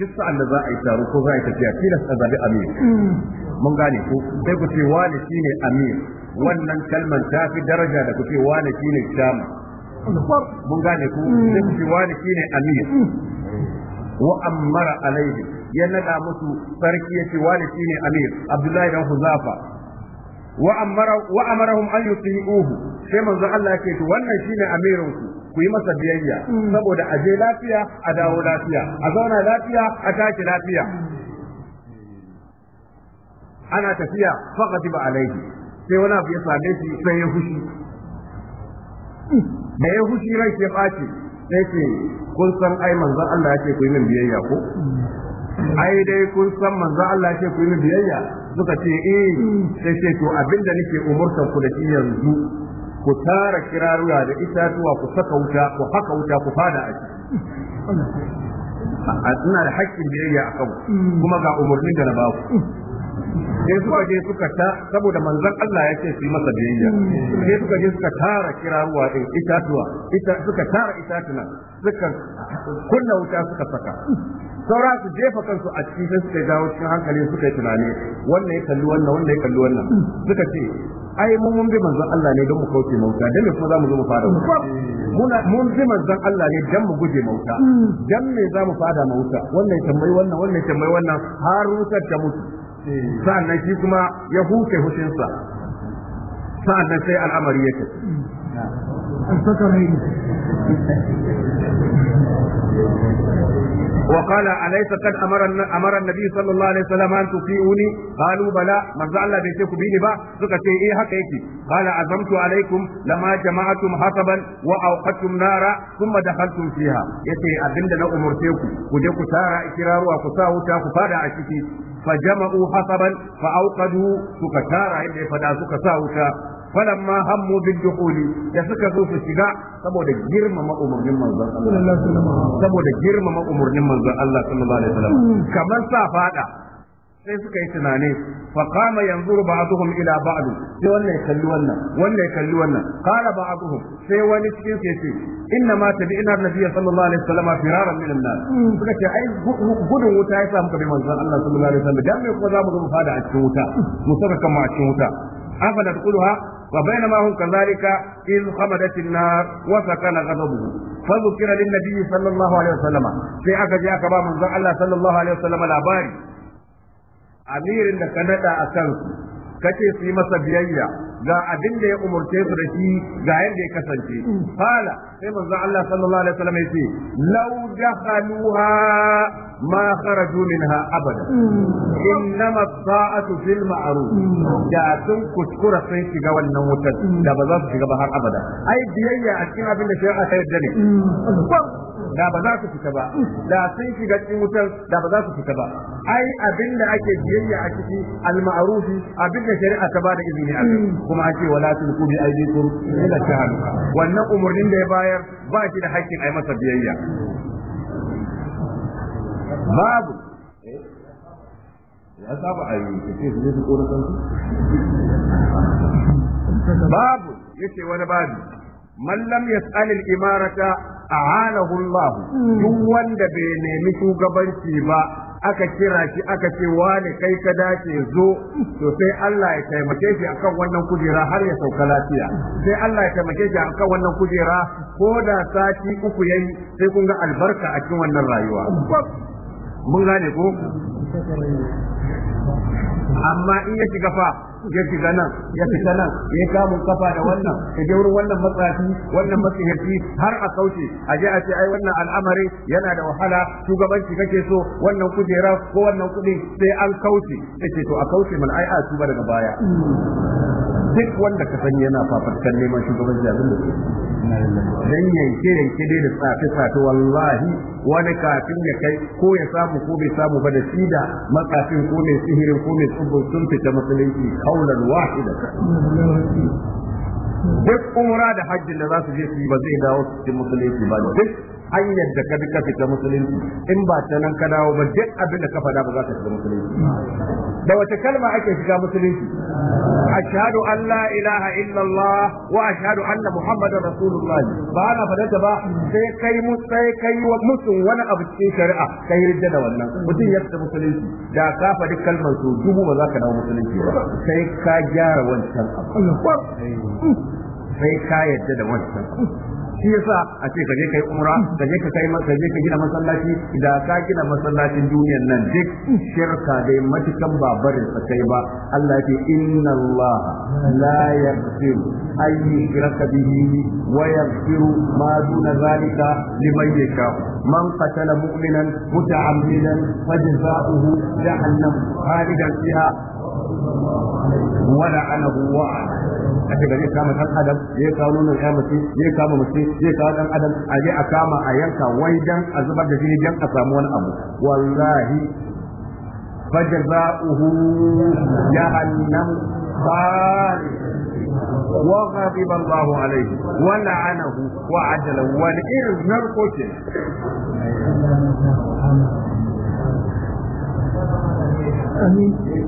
duk da za a yi taro ko za a yi tafiya tilas a zabi amir mun gane sai ku wani amir wannan kalmar ta fi daraja da ku ce wani ne shama mun gane ku. sai ku ce wani ne amir wa ammara alaihim ya nada musu sarki ya ce wani shine amir abdullahi dan huzafa wa amara wa amarahum an yuti'uhu sai manzo Allah yake to wannan shine amirin ku ku yi masa biyayya saboda aje lafiya a dawo lafiya a zauna lafiya a tashi lafiya ana tafiya ba alaihi sai wani abu ya same shi sai ya hushi da ya hushi rai ke ɓaci sai ce kun san ai manzon Allah yake ku yi min biyayya ko ai dai kun san manzo Allah ce ku yi biyayya suka ce eh sai ce to abinda nake umurtan ku da shi yanzu ku tara kiraruwa da itatuwa ku saka wuta ku haka wuta ku fada a ciki ina da haƙƙin biyayya a kan kuma ga umarnin da na ba ku sai suka je suka ta saboda manzon Allah ya ce su yi masa biyayya sai suka je suka tara kiraruwa din eh, itatuwa ita suka tara itatuna suka kunna wuta suka saka saura su jefa kansu a cikin sai suka dawo cikin hankali suka yi tunani wannan ya kalli wannan wannan ya kalli wannan suka ce ai mun mun bi manzon Allah ne don mu kauce mauta dan me kuma zamu zo mu fada mauta muna mun bi manzon Allah ne dan mu guje mauta dan me zamu fada mauta wannan ya tambayi wannan wannan ya tambayi wannan har wutar ta mutu sa'annan shi kuma ya huce hushinsa sa'annan sai al'amari yake an saka mai وقال أليس قد أمر أمر النبي صلى الله عليه وسلم أن تطيعوني قالوا بلى من زعل الله بيتك بيني با سكتي إيه حكيتي قال عزمت عليكم لما جمعتم حطبا وأوقدتم نارا ثم دخلتم فيها يتي أبند أنا أمرتكم وجيكو سارة إكرار وكساو تاكو فادا أشتي فجمعوا حطبا فأوقدوا سكتارا إلي فدا سكساو تاكو falamma hammu bidukhuli da suka zo su shiga saboda girmama umurnin manzon Allah saboda girmama umurnin manzon Allah sallallahu alaihi wasallam hmm. kamar sa fada sai suka yi tunani fa qama yanzuru ba'dhum ila ba'd sai wanda ya kalli wannan Wanda ya kalli wannan qala ba'dhum sai wani cikin su yace inna ma tabi'na nabiyya sallallahu alaihi wasallam firaran min an-nar hmm. suka ce ai gudun wuta ya muka bi manzon Allah sallallahu alaihi wasallam dan me ko za mu zo fada a cikin wuta mu saka kanmu a cikin wuta afala tadkhuluha وبينما هم كذلك إذ خمدت النار وسكن غضبه فذكر للنبي صلى الله عليه وسلم في أكا جاء كما من الله صلى الله عليه وسلم الأباري أمير إنك ندى أكلت kace su yi masa biyayya ga abin da ya umurce su da shi ga yadda ya kasance fala sai manzo Allah sallallahu alaihi wasallam yace law dakhaluha ma kharaju minha abada innama sa'atu fil ma'ruf da sun kuskura sun shiga wannan wutar da ba za su shiga ba har abada ai biyayya a cikin abin da shari'a ta yarda ne da ba za su fita ba da sun shiga cikin wutar da ba za su fita ba ai abin da ake biyayya a ciki al-ma'rufi abin da shari'a ta ba da izini a kuma ake ce wala ku bi aydikum ila shahar wannan umurnin da ya bayar ba shi da haƙƙin ai masa biyayya babu eh? ya saba a yi ce su zai su kora kansu babu ce wani babu man lam yas'al al-imarata a'anahu Allah hmm. duk wanda bai nemi shugabanci ba aka kira shi aka ce wani kai ka dace zo to sai Allah ya taimake shi akan wannan kujera har ya sauka lafiya sai Allah ya taimake shi akan wannan kujera ko da sati uku yayi sai kun ga albarka a cikin wannan rayuwa mun gane ko amma in ya shiga fa ya shiga nan ya fita nan ya kamun kafa da wannan ya je wurin wannan matsafi wannan matsihirci har a kauce a je a ce ai wannan al'amari yana da wahala shugabanci kake so wannan kujera ko wannan kudi sai an kauce sai to a kauce mana ai a tuba daga baya hmm. duk wanda ka sani yana fafatkan neman shugabanci abin da dan yanke yanke dai da tsafi tsafi wallahi wani kafin ya kai ko ya samu ko bai samu ba da shi da matsafin ko mai sihirin ko mai tsubbu sun fita musulunci kaulan wahida duk umra da hajji da za su je su yi ba zai dawo cikin musulunci ba duk hanyar da ka duka fita musulunci in ba ta nan ka dawo ba duk abin da ka faɗa ba za ka shiga musulunci da wace kalma ake shiga musulunci ashhadu an la ilaha illallah wa ashhadu anna muhammadar rasulullah ba na faɗa ta ba sai kai mu sai kai musun wani abu cikin shari'a kai ridda da wannan mutum ya fita musulunci da ka faɗi kalmar su dubu ba za ka dawo musulunci ba sai ka gyara wancan abu sai ka yadda da wancan abu shi yasa a ce ka je kai umra ka je ka kai ka je ka gina masallaci da ka gina masallacin duniyar nan duk shirka dai matukan babarin sa kai ba Allah ke inna Allah la yaghfiru ay yushraka bihi wa yaghfiru ma duna zalika liman yasha man qatala mu'minan muta'ammidan fajza'uhu jahannam khalidan fiha ولعنه وعلا a ce ba zai kama ɗan adam ya kawo nuna ya mace ya kama mace zai kawo dan adam a je a kama a yanka wai dan a zubar da jini dan a samu wani abu wallahi fajza'uhu jahannam khalid وغضب الله عليه ولعنه وعجله والإرز نرقته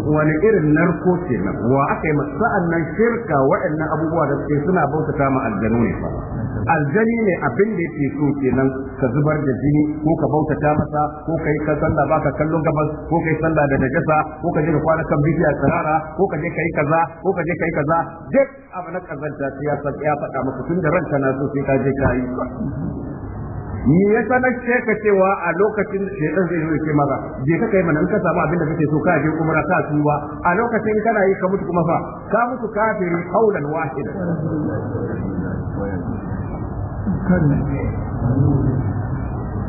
wani irin narko na, wa aka yi sa'an nan shirka waɗannan abubuwa da suke suna bautata ma aljanu ne fa aljani ne abin da yake so kenan ka zubar da jini ko ka bautata masa ko ka yi sallah baka kallon gabas ko ka yi sallah da najasa ko ka je ka kwana kan bishiya sarara ko ka je ka yi kaza ko ka je ka yi kaza duk abu na kazanta sai ya faɗa maka tun da ranka na so sai ka je ka yi me ya na ce ka cewa a lokacin shedan zai zo ce maza je ka kai mana in ka samu abin da kake so ka je umra ka tuba a lokacin kana yi ka mutu kuma fa ka mutu kafiri qaulan wahida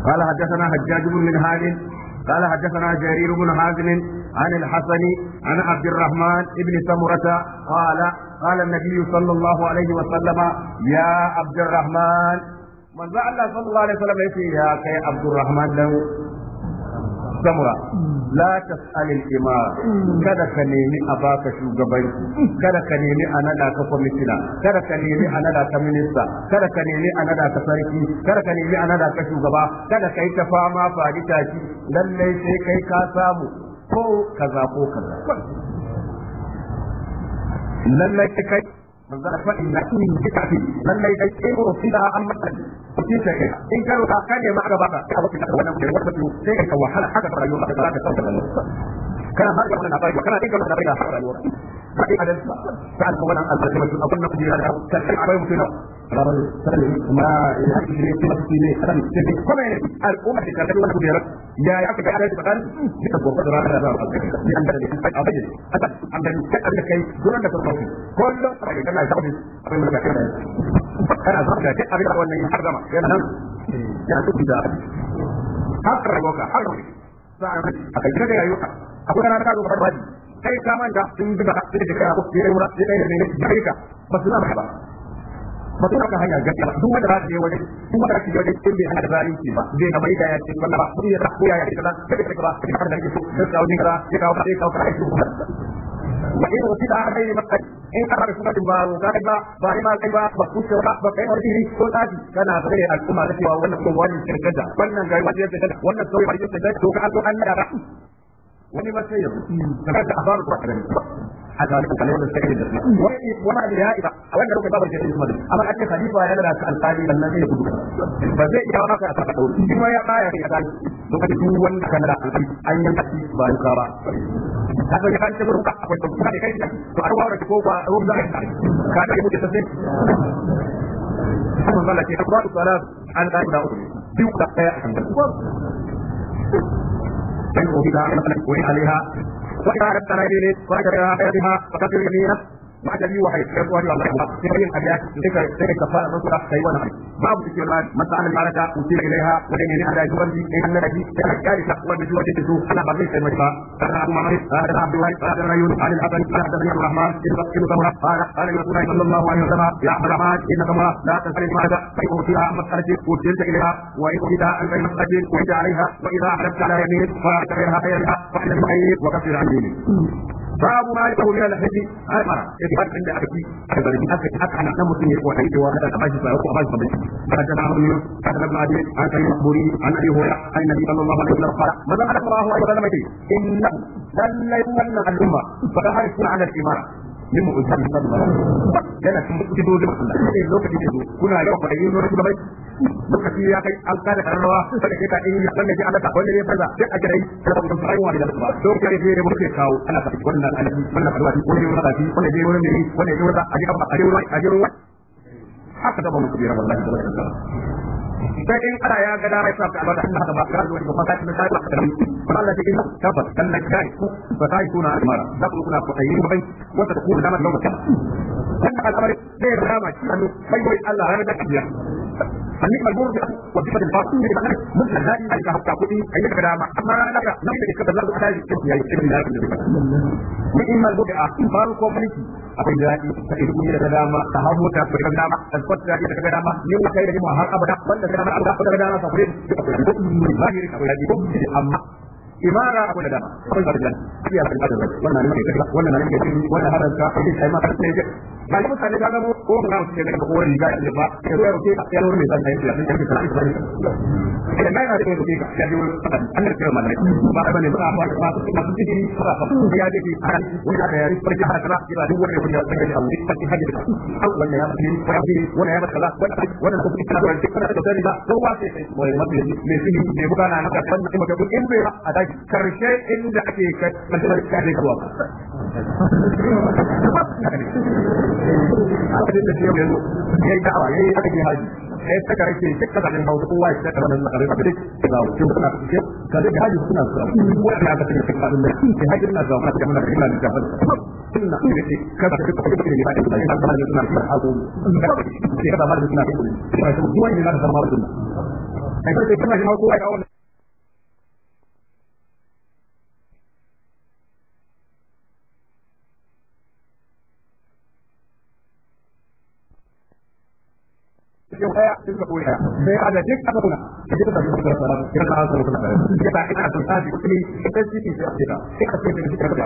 قال حدثنا حجاج بن من هاد قال حدثنا جرير بن حازم عن الحسن عن عبد الرحمن بن سمرة قال قال النبي صلى الله عليه وسلم يا عبد الرحمن manzo Allah sallallahu alaihi wasallam yace ya kai Abdurrahman dan samura la tas'al al-imara kada ka nemi a baka shugabanci kada ka nemi a nada ka kwamitina kada ka nemi a nada ka minista kada ka nemi a nada ka sarki kada ka nemi a nada ka shugaba kada kai ta fama fadi tashi lallai sai kai ka samu ko kaza ko kaza lallai kai manzara fa inna in jikati lallai dai sai ko fi da an mata shi ta kai in ka roka ka ne maka baka ka baka wannan da wata sai ka wahala haka rayuwa ka ka ka kana har da wannan labari ba kana dinka labari da rayuwa sai adan sa'an ko wannan albarka mutum abun nan kujera da kan akwai mutum rabar sai ma ya ji ne kuma shi ne kan sai kuma ne al'umma da kan wannan kujera ya ya aka ga da bakan da gobe da ranar da sai an da kai a bayyana ata an da kai da kai duran da farko kullum sai kana da kai abin da kai kana zaka da abin da wannan ya harzama yana nan ya tuki da har raboka har raboka a kai kaga yayo akwai kana ka zo ka kai ka manta sun duka sai da ko sai mura sai ne kai ka ba su na ba ba su ka hanya gaskiya ba duk wanda za ka je wajen duk wanda ka je wajen sai bai hana da zalunci ba zai na mai da ya ce ba sai ya ta koya ya ce kaza sai ka ba sai ka da ke so sai ka wajen kaza sai ka ba sai ka ka ba wa in wasita in an rabu suka ba kai ba ba ma kai ba ba ba ba kai iri ko tsafi kana zai al'umma da cewa wannan ko wani shirka da wannan gari wani yadda da wannan wani yadda da to ka an da wani ba sai ya abar haka wani kalkalai da suka yi da su wani abu ya isa a wanda lokacin babar jirgin madu amma ake khalifa ya da alfani sannan zai gudu ba zai iya wani a saka ɗauri kuma ya baya kai a sani lokacin duk wanda kan da alfani an yanka shi ba duka ba haka ya kan ce ruka akwai to kuma da kai to a ruwa da ko ba ruwa da kai ka da mutum sai kuma zalla ke akwai salat an da guda uku duk da ɗaya a kan da وإن عليها وإذا أردت رجل فأشر إلى حياتها فكفر يمينك ba da ni wahai sai wani wallahi ba sai yin abiya sai ka sai ka fara musu da kai wannan babu cikin la masalan baraka usira ilaiha wa dai ne ada juwan bi in Allah bi sai ka ta wa bi juwan su ana ba zai sai mai ba kana kuma mai ada Abdullahi ada Rayun ada Hasan ada Abdul Rahman ibn Abdul Samra qala qala Rasulullah sallallahu alaihi wasallam ya Rahman innaka ma la tasali ma da fa usira masalati usira ilaiha wa ida an bayn masalati wa ida alaiha wa ida hadabta ala yamin fa ta'irha khayra fa inna al-mayyit wa kafir an dini babu ma yaqulu min al-hadi al-mara take har inda aka ci aka zargi aka ci aka ana dan mutum ya ko kai cewa kada ka bashi tsaro ko bashi sabbi kada na mun kada na adi an kai buri an abi hoya an nabi sallallahu alaihi wasallam qala man Allah wa huwa ala mati inna dalla yunna al-umma fa harisun ala al-imara min mu usta min sabba yana cikin kido da Allah sai lokaci da kuna yau fa yin wani gabai lokaci ya kai an kada karrawa sai kai ta in wanda ji Allah ka wanda ya faza sai a kirai sai ka fara wani da ba to kai ne da muke kawo ana ka wannan alaji wannan kalwa ki wannan wata wannan dai wannan ne wannan dai wata aje ka aje ruwa aje haka da ba mu kira wallahi sai in ana ya ga dama ya sa ka albarka inda haka ba ka zo da fasati na sai ka rabi fa Allah take inna kafa dan na kai ku fa sai kuna almara da ku kuna fa'ayi bai wata ku da dama lokacin wannan al'amari zai rama shi hannu bai bai Allah ranar da kiya annik malbur bi wa bi fadil fasu ne banar mun da dadi ai ka hafta kudi ai da dama amma ranar da nan da kaza Allah ta da ya yi cikin da kuma da in malbur bi a faru akwai dadi sai ku da dama ta hawo ta da dama ta kwata da dama ni kai da mu har abada wanda ka dama abuda ka dama sa kure ka kure ko mahiri ka kure ko amma imara akwai da dama akwai da dama iya da dama wannan ne kai wannan ne kai wannan hadan ka kai kai ma kai ne ba ku sai da gabo ko ga ko wani ga da ba da ka in bai a karshe inda ake kai matsalar kare kuwa abin da yau yanzu ya yi da'awa ya yi aka ke haji ya yi saka rake duk ka zaɓin hausa kowa ya saka ranar makarai abin da ke zawo ke suna kuke ka zai haji suna zuwa ko ya ka saka cikin abin da ke haji na zuwa ka saka mana da ina da jafar suna ne ce ka saka cikin abin da ke ba da ina da jafar suna da hagu ke ka zama da suna da kuɗi ba su duwani na da zama da suna. Ai, kai kai kana shi ma kowa ya kawo cikin haya sai suka koya sai a da duk aka kuna da duk da suka fara ya ka hasu kuma ya ta ina son tafi kuma ita ce ce ta sai ka ce da suka fara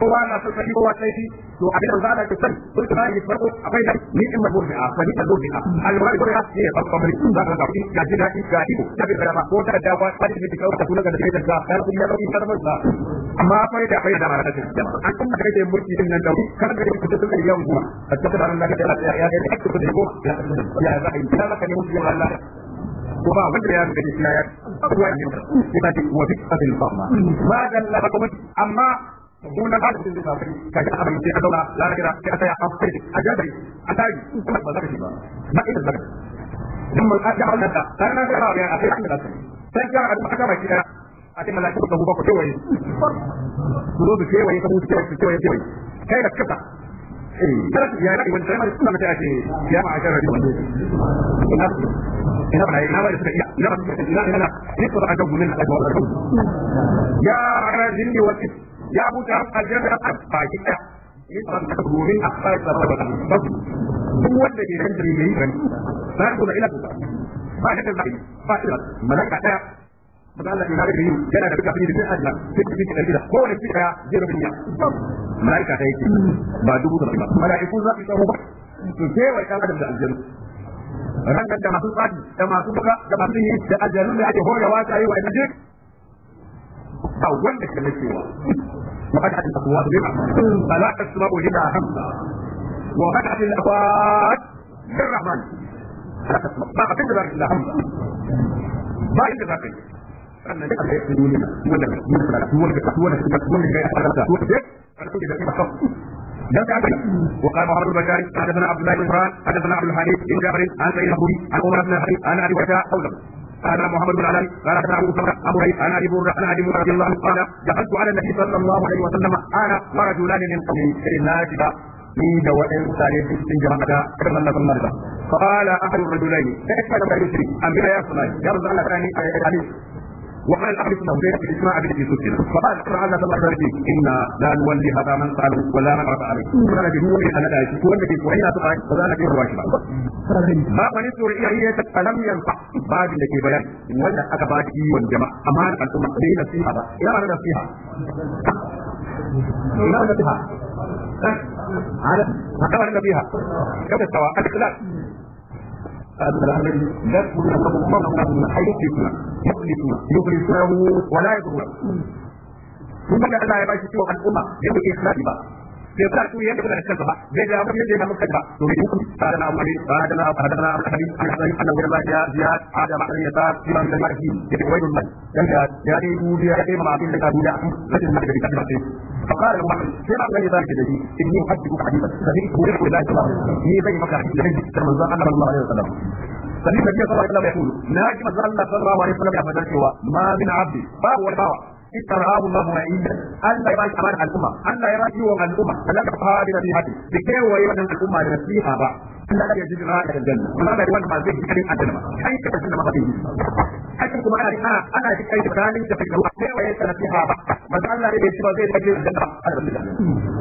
kowa na son sarki kowa sai shi to abin da zaka ka sani sun ta yi farko akwai da ni in mabur da fa ni tabur a. alwari ko ya ne farko bari sun zaka ka ga jira in ga iko ta bi fara ko ta da ba fa ni ta ka kula ga da kai da ka kun ya dauki sarfar da amma akwai da akwai da mara da jama'a an kuma da kai din nan da kar da ku ta tsaya yan goma a ta da Allah ka da ya ya ya ku da goma ya za a yi ta ka ne mulki Allah وما بدر يا بني إسرائيل أقوى من وفي قتل الفرما ما دل لكم mummunan hali mutum zai samu ka ga abin sai ka zauna lafiya sai a tsaya a fadi a jabari a tari kuma ba za ka ci ba na ita zaka dan mun aje Allah ta dan na ga ya a sai an da sai ka ga aka baki da a cikin ka da gobe ko kewaye ku zo da kewaye ka mutu kewaye kewaye kewaye kai da kafa درس يا رأي وانت ما تسمع متى أتي يا معشر رجل إنها إنها إنها إنها إنها إنها إنها إنها إنها إنها إنها إنها إنها إنها إنها إنها إنها إنها ya buta a jirgin alfahita ita da domin a fara tsara da alfahita duk wanda ke kan jirgin yi gani za ku da ila tuta ba ka da zai ba ila mana ka daya ba za ka da yi yana da kafin da ajiya da gida ko wani da jirgin ya mana ka da yi ba dubu ba mana ku za ku samu ba su sai wa ka da aljanu rangan masu tsaki da masu buga da masu yi da aljanu da ake horewa ta yi wa inda jirgin a wanda ke nufewa وفتحت الأبواب جمعة فلا تسمع جمعة اهم وفتحت الأبواب بالرحمن فلا تسمع ما تقدر إلا همسة ما أن وقال محمد بن بشار حدثنا عبد الله بن عمران حدثنا عبد الحليم بن جابر عن سيدنا ابو عن عمر بن الحليم عن ابي بكر قوله قال محمد بن علي قال حدثنا ابو بكر ابو هريره عن ابي هريره عن ابي رضي الله عنه قال دخلت على النبي صلى الله عليه وسلم انا ورجلان من قومه ناجبا ni da waɗansu sare cikin jama'a da kan Allah sun marza fa qala ahadu rajulaini sai ka da bari shi an bi ya sunai ya rasul Allah tani ayi وقال الأحد له سيأتي إسماع بن أبي سفيان فقال تعالى الله عليه إنا لا نولي هذا من قال ولا من عرف عليه قال به هو أنا لا يشك وأنك وإنا تقع وذلك هو الواجب ما من السورية فلم ينفع بعد لك بيان وإن أكباد والجماعة أمان الأمة بين فيها إلى أن فيها إلى أن فيها على ما كان فيها كم استوى الاختلاف الأمر يدخل لهم فرقا من حيث فتنة يفلسون يفلسونه ولا يضرون ثم الله يباشر الأمة يبقى إخلاقها bai sa su yanda kuma da kansa ba zai da kuma yanda muka ba to bai hukun sada na amari sada na sada na amari an san da wala ya ya ada ma ya ta kiran da marhi da wai dun mai dan da ya dai duniya dai ma abin da ka duniya an sai da kake da kai فقال له محمد شيء ما غير ذلك الذي اني احدثك حديثا فذيك هو يقول لا تبع هي بين مكان كما زال الله عليه وسلم فالنبي صلى الله عليه وسلم يقول ناجم الله صلى الله عليه وسلم يا ما من عبد باب ولا istirahabu ma huwa inda Allah ba kamar al'umma Allah ya rafi wa al'umma Allah ka fara da nasihati da kewa yi wannan al'umma da nasiha ba Allah ya ji a da janna amma bai wanda ma zai yi kadin ajanna kai ka tsina ma fadin kai kuma ana ka ana ji kai da dalilin da kai ka kewa yi nasiha ba maza Allah ya ce ba zai yi kadin ajanna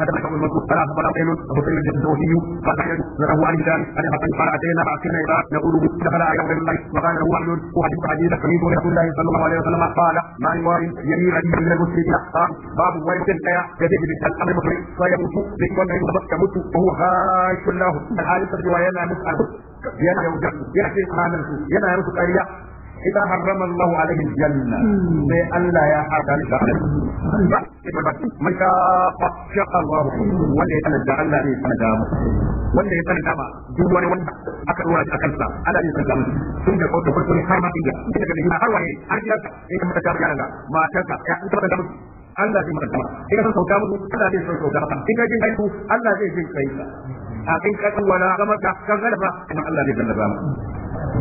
هذا الحق المنصوص قال اخبر عقيل ابو سعيد الدوسي قال احمد له عن هلال عن حسن قال اتينا فاكلنا عباد نقول دخل على رسول الله وقال له وحي وحديث حديث سميت رسول الله صلى الله عليه وسلم قال ما من وارد يمين عليه من المسلمين قال باب وارد الحياه يزيد بالامر المصري فيموت بكل ما يموت يموت وهو هاش له الحال في الروايه لا يموت yana yaudar yana cin amanarsu yana yi musu ƙarya إذا حرم الله عليه الجنة سي ألا يا حرم من شاء شاء الله والذي أنا جعلنا لي سنجام والذي سنجام جوان وانا أكل وانا أكلتا ألا لي سنجام سنجا قوت بسوري حرم إلا إذا كان هنا أروي أرجلك إذا ما تجاب يانا ما تجاب يا أنت ما تجاب Allah zai mata in ka san sauka musu Allah zai sauka maka in ka jin kai Allah zai jin kai حقيقه ولا غمك كغلبة ان الله يغلب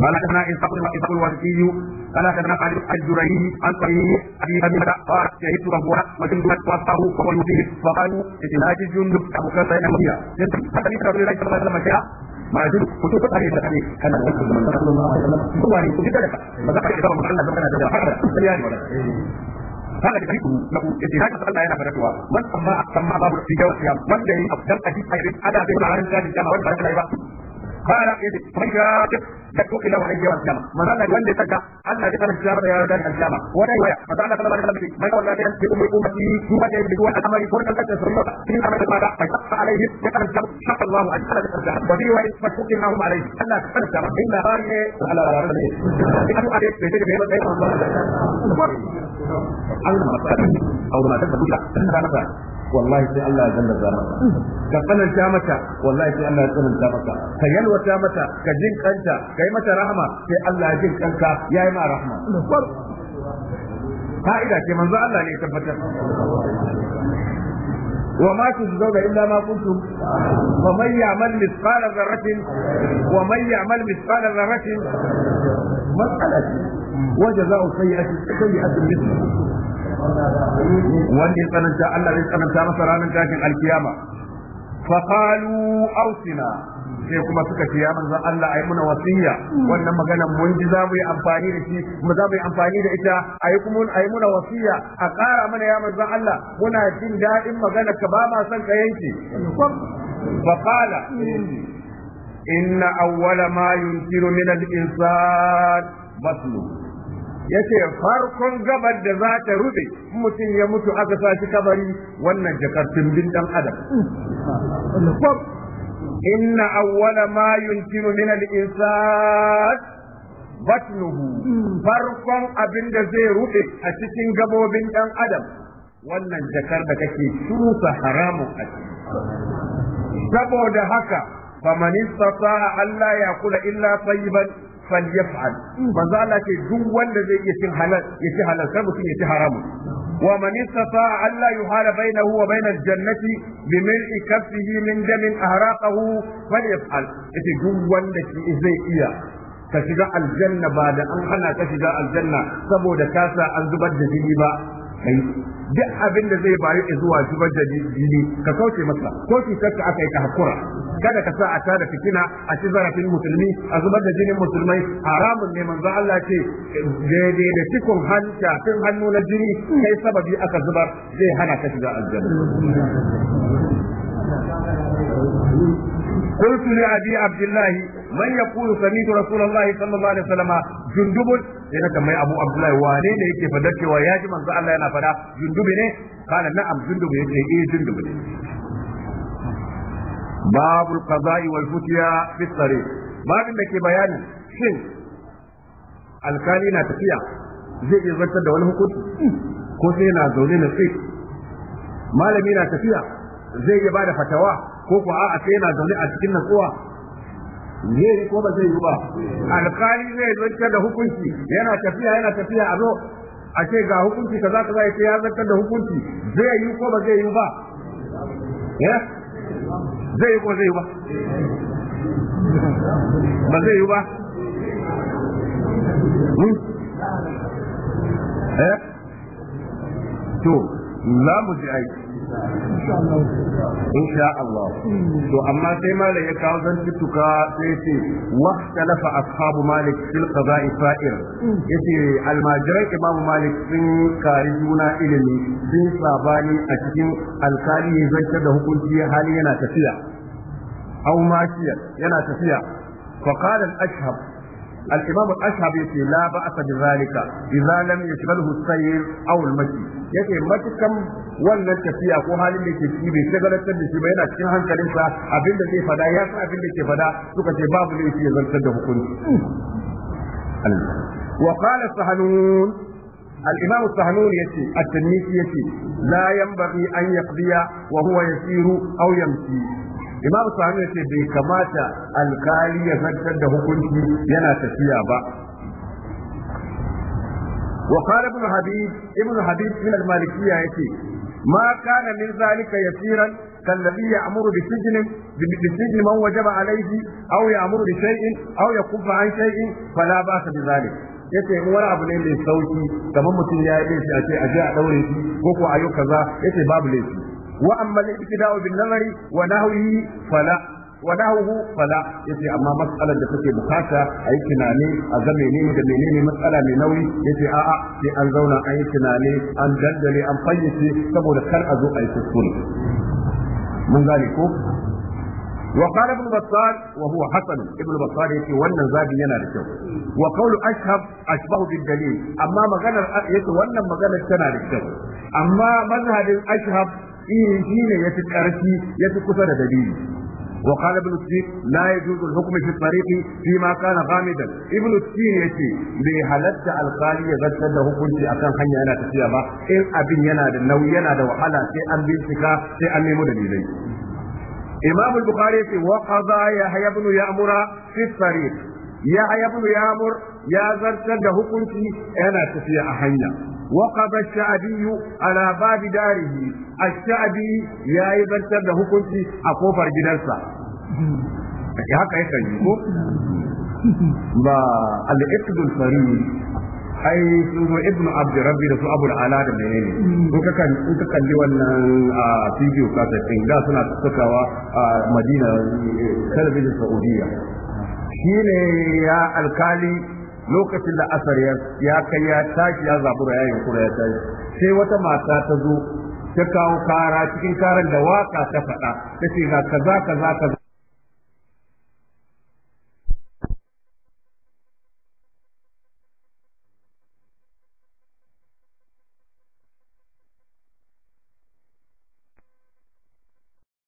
قال حدثنا إسحاق إسحاق الوردي قال حدثنا علي الجريري عن طريق أبي حميد قال شهدت ربها وجندنا وصفه وهو يصيب فقالوا إتلاج الجندب أبو كرة المدينة حدثني رسول الله صلى الله عليه وسلم ما يجوز كنت تقرأ إلى أبي كان الله صلى الله عليه وسلم هو أن كذلك فذكر إذا ما قال لك أنا kana da biku na ku ke haka sai Allah yana fara cewa man amma amma babu shi gawa siyam wanda yi abdan ajib ayrin ada da ranar da jama'a wanda ba قال فمشى تكتب الى وحي يوم القيامه ما زال يولد تكا ان ذكر الجامع يا دار الجامعه ولا يويا ما زال صلى الله عليه وسلم ما ولا كان في امي امتي ثم جاء بدون الامر فرق الكتاب سريرا في الامر هذا فشق عليه ذكر الجامع شق الله عز وجل الجامع وفي روايه مشق اللهم عليه ان ذكر الجامع ان بارك على رسوله انه عليك بيتك بين بين الله الله ما تكتب او ما تكتب ان هذا wallahi sai Allah ya gallaza ka tsananta mata wallahi sai Allah ya tsananta maka ka yalwata mata ka jin kanta kai mata rahama sai Allah ya jin kanka yayi ma rahama fa'ida ce manzo Allah ne tabbatar وما تجزون إلا ما كنتم ومن يعمل مثقال ذرة ومن يعمل مثقال ذرة مسألة وجزاء سيئة سيئة مثله wanda ya tsananta Allah zai tsananta masa ranar jakin alkiyama fa qalu ausina sai kuma suka ce ya manzon Allah ayi muna wasiya wannan maganan mun ji za mu yi amfani da shi mu za mu yi amfani da ita ayi kuma muna wasiya a ƙara mana ya manzon Allah muna jin daɗin magana ka ba ma son ka yanke fa qala inna awwala ma yunkiru min al-insan baslu Ya ce farkon gabar da za ta rube mutum ya mutu aka sa shi kabari wannan jakar tumbin dan adam inna awwala ma yuntinu min al-insan batnuhu farkon abin da zai rube a cikin gabobin dan adam wannan jakar da kake shuka haramun a saboda haka famanista ta Allah ya kula illa tayyiban falyaf'al manzo Allah ce duk wanda zai iya cin halal ya ci halal sai mutum ya ci haramu wa man istata'a alla yuhala bainahu wa bainal jannati bi mil'i kaffihi min damin ahraqahu falyaf'al yace duk wanda zai iya ka shiga aljanna ba da an hana ka shiga aljanna saboda kasa an zubar da jini ba kai duk abin da zai bayu zuwa zubar da jini ka kauce masa ko cutar aka yi ka hakura kada ka sa a tada fitina a ci zarafin musulmi a zubar da jinin musulmai haramun ne manzo Allah ce daidai da cikon hanta tun hannu na jini kai sababi aka zubar zai hana ka shiga aljanna قلت لأبي عبد الله من يقول سميت رسول الله صلى الله عليه وسلم جندب إذا كما أبو عبد الله وانين يكي فدك وياجي من الله ينا فدا جندب قال نعم جندب إيه جندب باب القضاء والفتيا في الطريق باب لك بيان شن alkali na tafiya zai iya zartar da wani hukunci ko sai na zaune na tsaye malami na tafiya zai ko ko a'a sai yana zaune a cikin natsuwa zai ko ba zai yi ba alƙali zai zartar da hukunci yana tafiya yana tafiya a zo a ce ga hukunci kaza kaza ya ce ya zartar da hukunci zai yi ko ba zai yi ba eh? zai yi ko zai yi ba ba zai yi ba hmm? eh? to za mu ji aiki sha Allah to amma sai malam ya kawo zantuttuka sai ce waqtalafa ashabu malik fil qada'i ya yace almajiran imamu malik sun kari juna ilimi sun sabani a cikin alkali ya da hukunci hali yana tafiya aw mashiya yana tafiya al-imam al-ashhabi yace la ba'sa bi zalika idza lam yashghalhu as-sayr aw yace matukan wannan tafiya ko halin da ke ciki bai shagalatar da shi ba yana cikin hankalinsa abinda zai fada ya san abinda ke fada suka ce babu laifi ya zartar da hukunci وقال الصهنون الإمام الصهنون يتي التنميسي يتي لا ينبغي أن يقضي وهو ya siru يمشي imam sahani ya ce bai kamata alkali ya zartar da hukunci yana tafiya ba wa kare ibn habib ibn habib ibn al ya ce ma kana min yasiran kallabi ya amuru da sijinin da man waje ba a laifi au ya amuru da shai'in au ya kufa an fala ba su da zalif ya ce yi abu ne mai sauki kamar mutum ya yi ɗin shi a ce a ɗaure shi ko kuwa ayyuka za ya ce babu laifi وأما الابتداء بالنظر ونهوه فلا ونحوه فلا yace amma mas'alar da take bukata a yi tunani a ga menene da menene matsala mai nauyi yace a'a sai an zauna an yi tunani an dandale an fayyace saboda kar a zo a yi kuskure mun gane ko وقال ابن بطال وهو حسن ابن بطال يقول وانا زادي ينا لكو وقول اشهب اشبه بالدليل اما مغنى يقول وانا مغنى سنة لكو اما مذهب اشهب shine shine yafi karfi yafi kusa da dalili وقال ابن السيب لا يجوز الحكم في الطريق فيما كان غامدا ابن السيب يتي بحلت القالية يغسل له كنت أكان حنيا أنا تسيابا إن أبن يناد دا يناد وحلا سي أن بنتكا سي أن نمو دليلي إمام البخاري في وقضى يحيى بن يأمر في الطريق يحيى بن يأمر يا zartar له كنت أنا تسيابا a وقضى الشعبي على باب داره الشعبي يا يبتر ده كنت أقوفر جدرسا haka ya kan ko ba al-iqdul farid ai suno ibnu abd rabbi da su abul ala da menene in ka kan kalli wannan a video kasa din da suna sakawa a Madina talabijin Saudiya shine ya alkali lokacin da asar ya kai ya tashi ya zabura yayin kura ya tashi sai wata mata ta zo ta kawo kara cikin karan da waka ta faɗa ta ce ga kaza kaza kaza